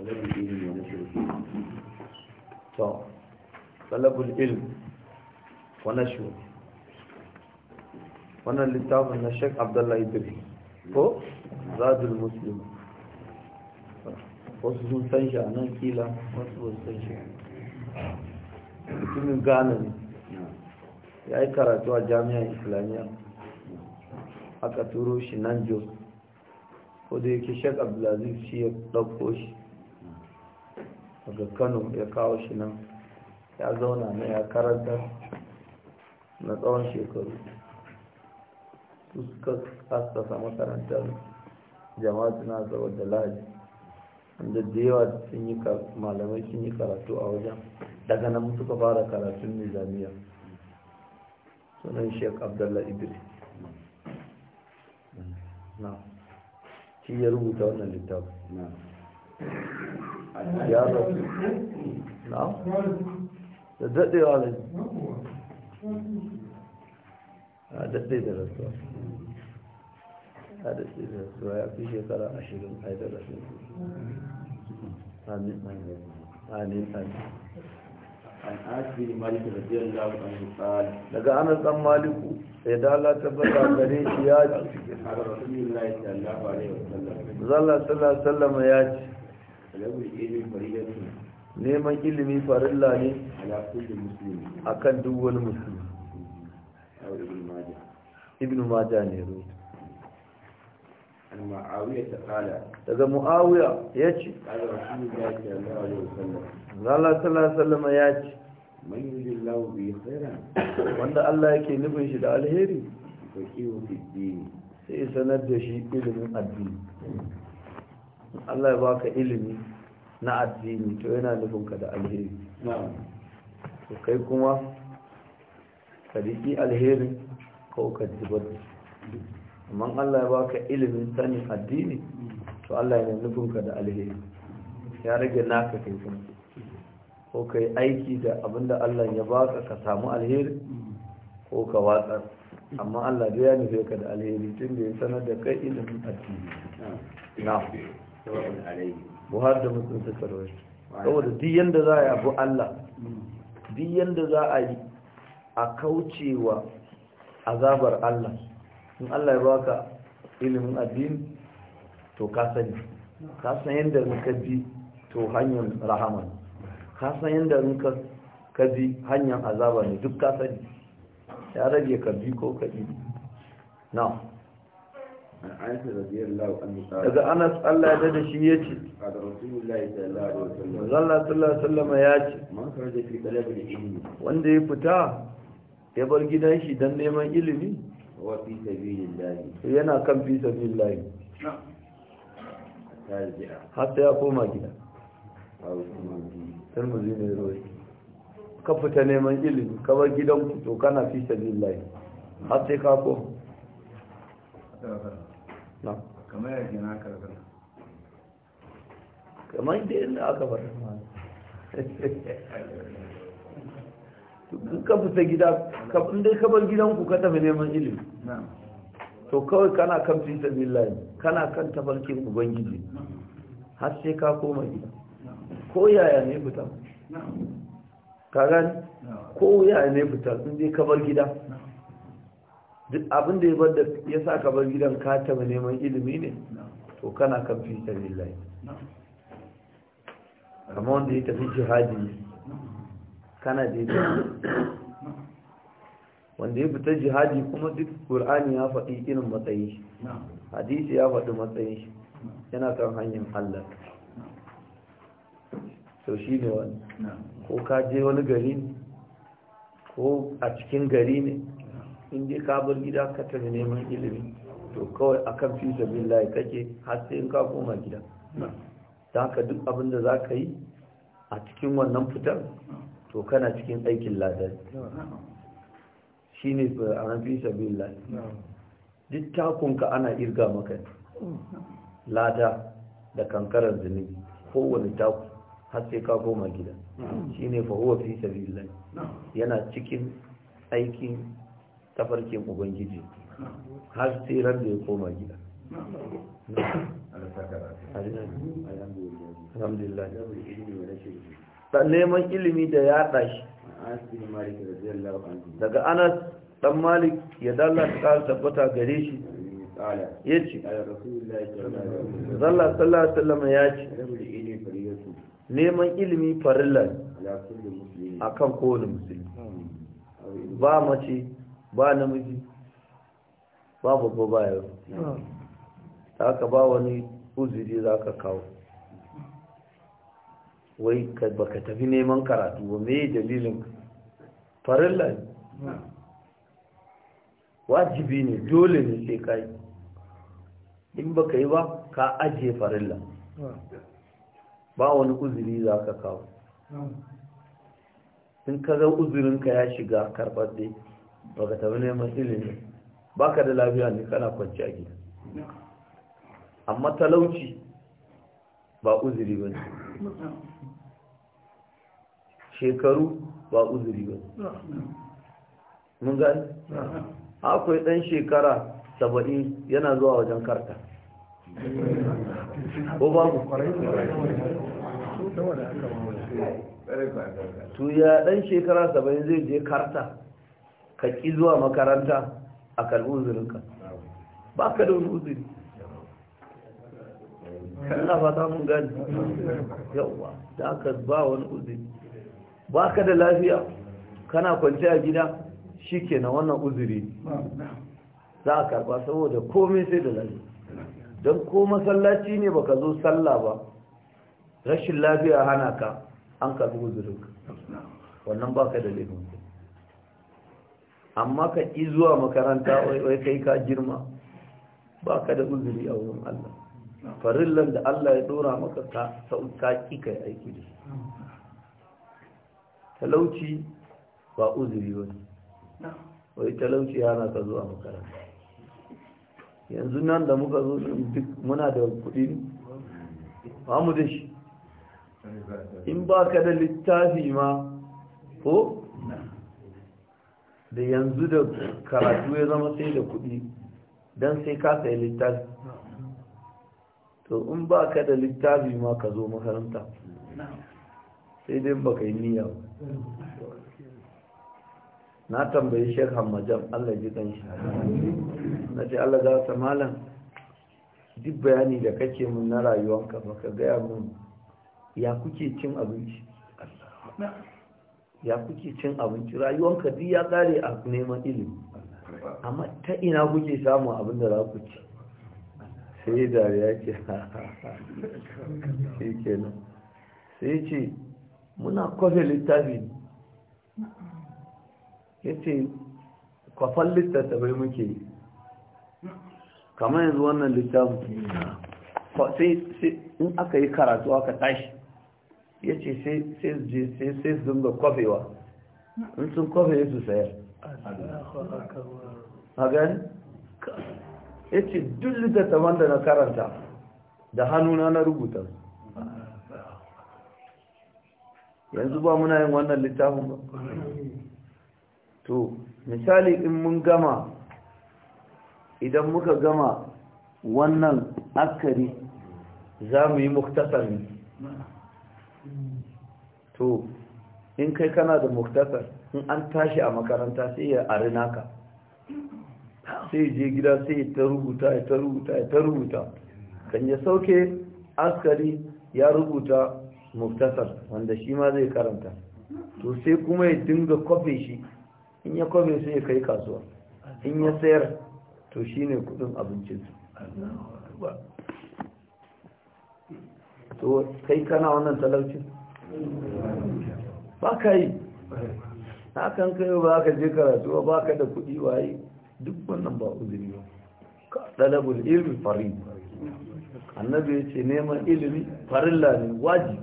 talabul ilmi wa nashruhu to wa nashruhu wannan littafin na Sheikh Abdullah Idris ko Zadul Muslim wasu sun san shi a nan kila wasu sun san shi a nan kila. mutumin Ghana ne ya yi karatu a jami'ar islamiyya aka turo shi nan jos ko da yake shek abdulaziz shi ya ɗauko shi daga kano ya kawo shi nan ya zauna na ya karanta na tsawon shekaru su suka makarantar jama'atu na zaba da laji inda da yawa sun yi malamai sun yi karatu a wajen daga nan suka fara karatun nizamiya sunan sheik abdullah idris na shi ya rubuta wannan littafi ya rasu na da daɗewa ne a daɗe da rasuwa a daɗe da rasuwa ya fi shekara ashirin a yi da rasu amin amin amin amin daga anas dan maliku sai da Allah tabbata gare shi ya ce zalla sallallahu alaihi wasallam ya ce neman ilimi farin lani a kan duk wani musulmi ibn maja ne ruwa daga mu'awiya ya ce Allah sallallahu ya ce wanda Allah ya ke nufin shi da alheri sai sanar da shi ilimin addini Allah ya baka ilimi na addini to yana nufinka da alheri to kai kuma ka riƙi alheri ko ka zubar amma Allah ya baka ilimi sanin addini to Allah yana nufinka da alheri ya rage naka kai kuma ko kai aiki da abinda Allah ya baka ka samu alheri ko ka watsar amma Allah ya nufe ka da alheri tun da ya sanar da kai ilimin addini na buhari da mutum suka rawaito saboda duk yadda za a yi abu Allah duk yanda za a yi a kaucewa azabar Allah in Allah ya ka ilimin addini to ka sani ka san yadda ka bi to hanyar rahama ka san yadda ka ka bi hanyar azaba ne duk ka sani ya rage ka bi ko ka bi daga anas allah ya dada shi ya ce zalla sallallahu sallama ya ce wanda ya fita ya bar gidan shi don neman ilimi yana kan fi sabi layi hatta ya koma gida turmuzi ne roe ka fita neman ilimi ka bar gidan to kana fi sabi layi hatta ya kako kamar yake na karkar kamar da yadda aka bar ka fita gida inda ka bar gidanku ka tafi neman ilimi to kawai kana kan fi sabillahi kana kan tafarkin ubangiji har sai ka koma gida ko yaya ne fita ka gani ko yaya ne fita sun je ka bar gida duk abin da ya bar da ya sa ka bar gidan ka taba neman ilimi ne to kana kan fi lillahi. Amma wanda ya tafi jihadi kana ya wanda ya fita jihadi kuma duk qur'ani ya faɗi irin matsayi hadisi ya faɗi matsayi yana kan hanyar Allah to shi ne wani ko ka je wani gari ko a cikin gari ne in dai ka bar gida ka tafi neman ilimi to kawai akan fi sabilillahi kake har sai in ka koma gida ta ka duk abin da za ka yi a cikin wannan fitar to kana cikin aikin ladari shi ne a rafi sabila duk takunka ana irga maka lada da kankarar zunubi kowane taku har sai ka koma gida shi ne fahuwa fi sabila yana cikin aikin tafarkin ubangiji har sai ran da ya koma gida alhamdulillah neman ilimi da ya ɗashi daga ana dan malik ya dalla ta ƙasa tabbata gare shi ya ce zalla sallallahu alaihi ya ce neman ilimi farilla kan kowane musulmi ba mace ba namiji ba babba ba yaro za ka ba wani uzuri za ka kawo wai ba ka tafi neman karatu ba mai dalilin farilla ne wajibi ne dole ne sai ka yi in ba ka yi ba ka ajiye farilla ba wani uzuri za ka kawo in ka ga uzurinka ya shiga karɓar dai baka ka tabi neman ilimi ba ka da lafiya ne kana kwanci a gida amma talauci ba uzuri ba shekaru ba uzuri ba mun gani akwai ɗan shekara saba'in yana zuwa wajen karta ko babu tu ya ɗan shekara saba'in zai je karta ka ƙi zuwa makaranta a karɓi uzurinka ba ka da wani uzuri Allah ba samun mun gani yauwa da aka ba wani uzuri ba ka da lafiya kana kwanci a gida shi ke na wannan uzuri za a karɓa saboda komai sai da lafiya don ko masallaci ne ba ka zo sallah ba rashin lafiya hana ka an karbi uzurinka wannan ba ka da lafiya. amma ka ƙi zuwa makaranta wai kai ka girma ba ka da uzuri a wurin Allah farillan da Allah ya dora maka ka sauƙaƙi ka yi aiki da shi talauci ba uzuri wani wai talauci yana ka zuwa makaranta yanzu nan da muka zo duk muna da kuɗi ba mu da shi in ba ka da littafi ma ko da yanzu da karatu ya zama sai da kuɗi don sai ka sayi littafi to in ba ka da littafi ma ka zo makaranta sai dai ba ka yi niyya ba na tambayi shek hamajam allah ji ɗan shi na ce allah za ta malam duk bayani da kake mun na rayuwanka ba ka gaya mun ya kuke cin abinci ya kuke cin abinci rayuwar ka ya kare a neman ilimi amma ta ina kuke samun abin da za ku ci sai dariya ke shi nan sai ce muna kwafe littafi ya ce kwafan bai muke yi kamar yanzu wannan littafi sai in aka yi karatu aka tashi ya ce sai su dinga kofewa in sun kwafe su sayar a gani ya ce duk da na karanta da hannuna na rubuta yanzu ba muna yin wannan littafin ba to misali in mun gama idan muka gama wannan akari za mu yi muktasar to in kai kana da muktasar in an tashi a makaranta sai ya ari naka sai je gida sai ta rubuta ya ta rubuta ya ta rubuta kan ya sauke askari ya rubuta muktasar wanda shi ma zai karanta to sai kuma ya dinga kwafe shi in ya kwafe sai ya kai kasuwa in ya sayar to shine kudin abincinsu to kai kana wannan talaucin ba ka yi hakan kai ba ka je karatu ba ka da kuɗi waye duk wannan ba uzuri ba ka ɗalabul ilmi farin annabi ya ce neman ilimi farin ne waji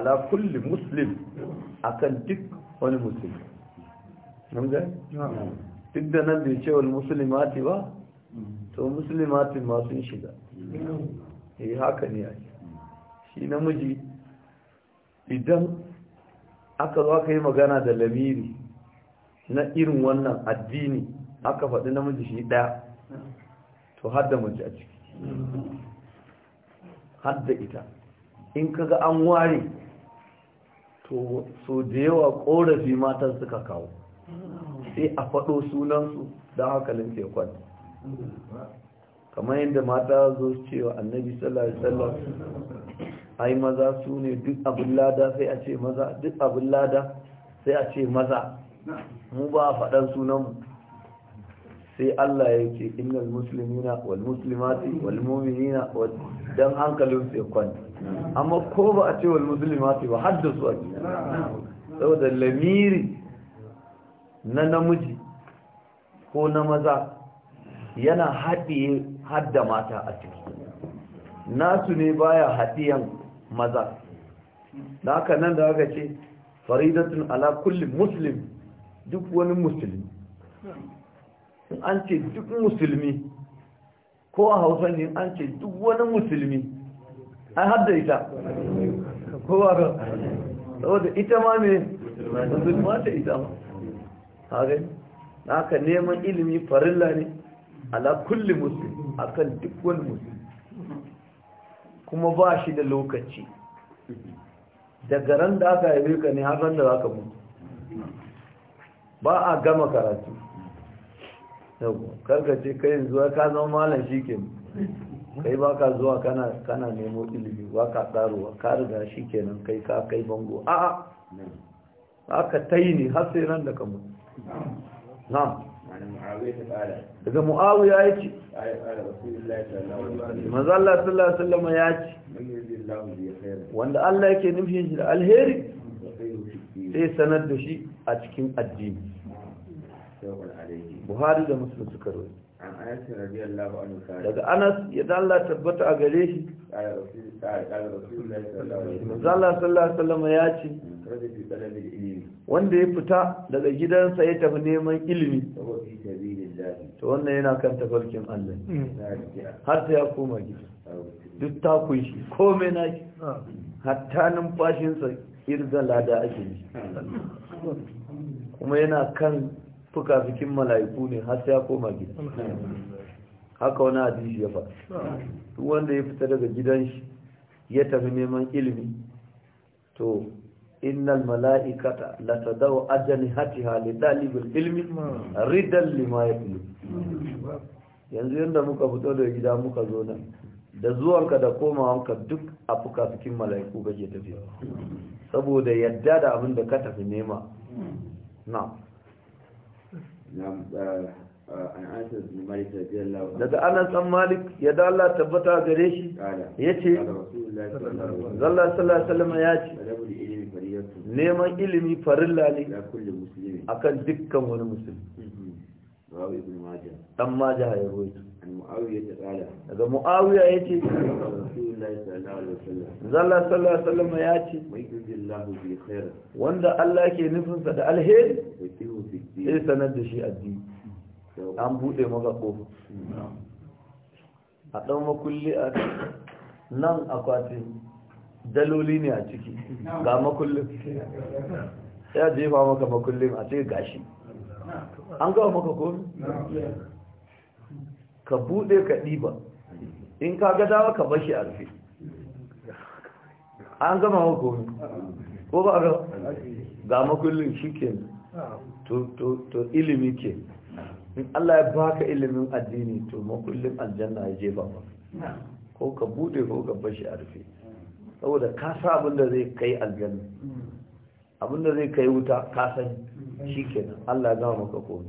ala kulli muslim akan duk wani musulmi namza? duk da nan bai ce wani musulmati ba to musulmati ma sun shiga eh haka ne ake shi namiji idan aka zo aka yi magana da lamiri na irin wannan addini aka faɗi namiji shi ɗaya to har da mace a ciki har ita in kaga an ware to so da yawa ƙorafi matan suka kawo sai a faɗo sunansu don haka ke kwanta kamar yadda mata zo cewa annabi sallallahu alaihi wasallam ai maza su ne duk abin lada sai a ce maza duk abin lada sai a ce maza mu ba a faɗan sunanmu sai Allah ya ce innal muslimina wal muslimati wal mu'minina dan hankalin su ya kwanta amma ko ba a ce wal muslimati ba haddasu a saboda lamiri na namiji ko na maza yana haɗiye hadda mata a ciki nasu ne baya haɗiyan maza da haka nan da haka ce faridatun ala kulli muslim duk wani musulmi an ce duk musulmi ko a hausa ne an ce duk wani musulmi an hada ita ko a ga saboda ita ma ne musulma ta ita ma hagen na haka neman ilimi farilla ne ala kulli musulmi akan duk wani musulmi kuma ba shi da lokaci daga ran da aka haife ka ne har da za ka mutu ba a gama karatu karka ce kai zuwa ka zama malam shi ke kai ba ka zuwa kana nemo ilimi ba ka tsaruwa ka riga shi nan kai ka kai bango a'a aka ta yi ne har sai ran da ka mutu na'am daga mu'awiya ya ce maza Allah sallallahu alaihi ya ce wanda Allah yake nufin shi da alheri sai sanar da shi a cikin addini buhari da musulun suka rawaito daga anas ya Allah tabbata a gare shi ya ce wanda ya fita daga gidansa ya tafi neman ilimi Ta wannan yana kan tafarkin Allah har ta ya koma gida duk ta kunshi komai na ki hatta numfashinsa irga lada ake yi kuma yana kan fukafikin mala'iku ne har sai ya koma gida haka wani hadisi ya faɗa duk wanda ya fita daga gidan shi ya tafi neman ilimi to innal mala'ikata la tadaw ajnihatiha hali talibil ilmi ridal lima yanzu yanda muka fito daga gida muka zo nan da zuwanka da komawanka duk a fukafikin mala'iku gaje tafiya saboda yadda da abin da ka tafi nema na'am Eh, eh, daga anan san malik ya da Allah tabbata gare shi ya ce zalla sallallahu ya ce neman ilimi farilla ne akan dukkan wani musulmi mhm. dan maja ya ruwaito mu'awiyya ta kala daga muawiya yace rasulullahi sallallahu alaihi wasallam zalla sallallahu alaihi wasallam yace mai yudillahu bi khair wanda Allah ke nufin sa da alheri sai sanar da shi addini an bude maka kofa a dan makulli a nan akwati daloli ne a ciki ga makullin ya jefa maka makullin a cikin gashi an gawa maka komi ka buɗe ka ɗiba in ka ga dawa ka bashi a rufe an gama ne ko ba ga ga makullin shi ke to ilimi ke in Allah ya baka ilimin addini to makullin aljanna ya jefa ba ko ka buɗe ko ka bashi a rufe saboda kasa abinda zai kai aljanna abinda zai kai wuta kasan sani shi kenan Allah ya gama maka ko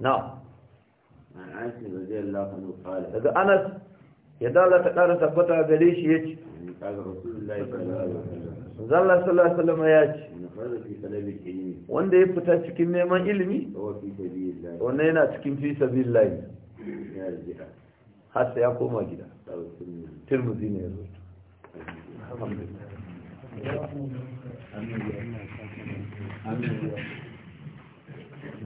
na'am daga anas ya dala ta tabbata gare shi ya ce zalla sallallahu ya ce wanda ya fita cikin neman ilimi yana cikin fi sabilillahi ya koma gida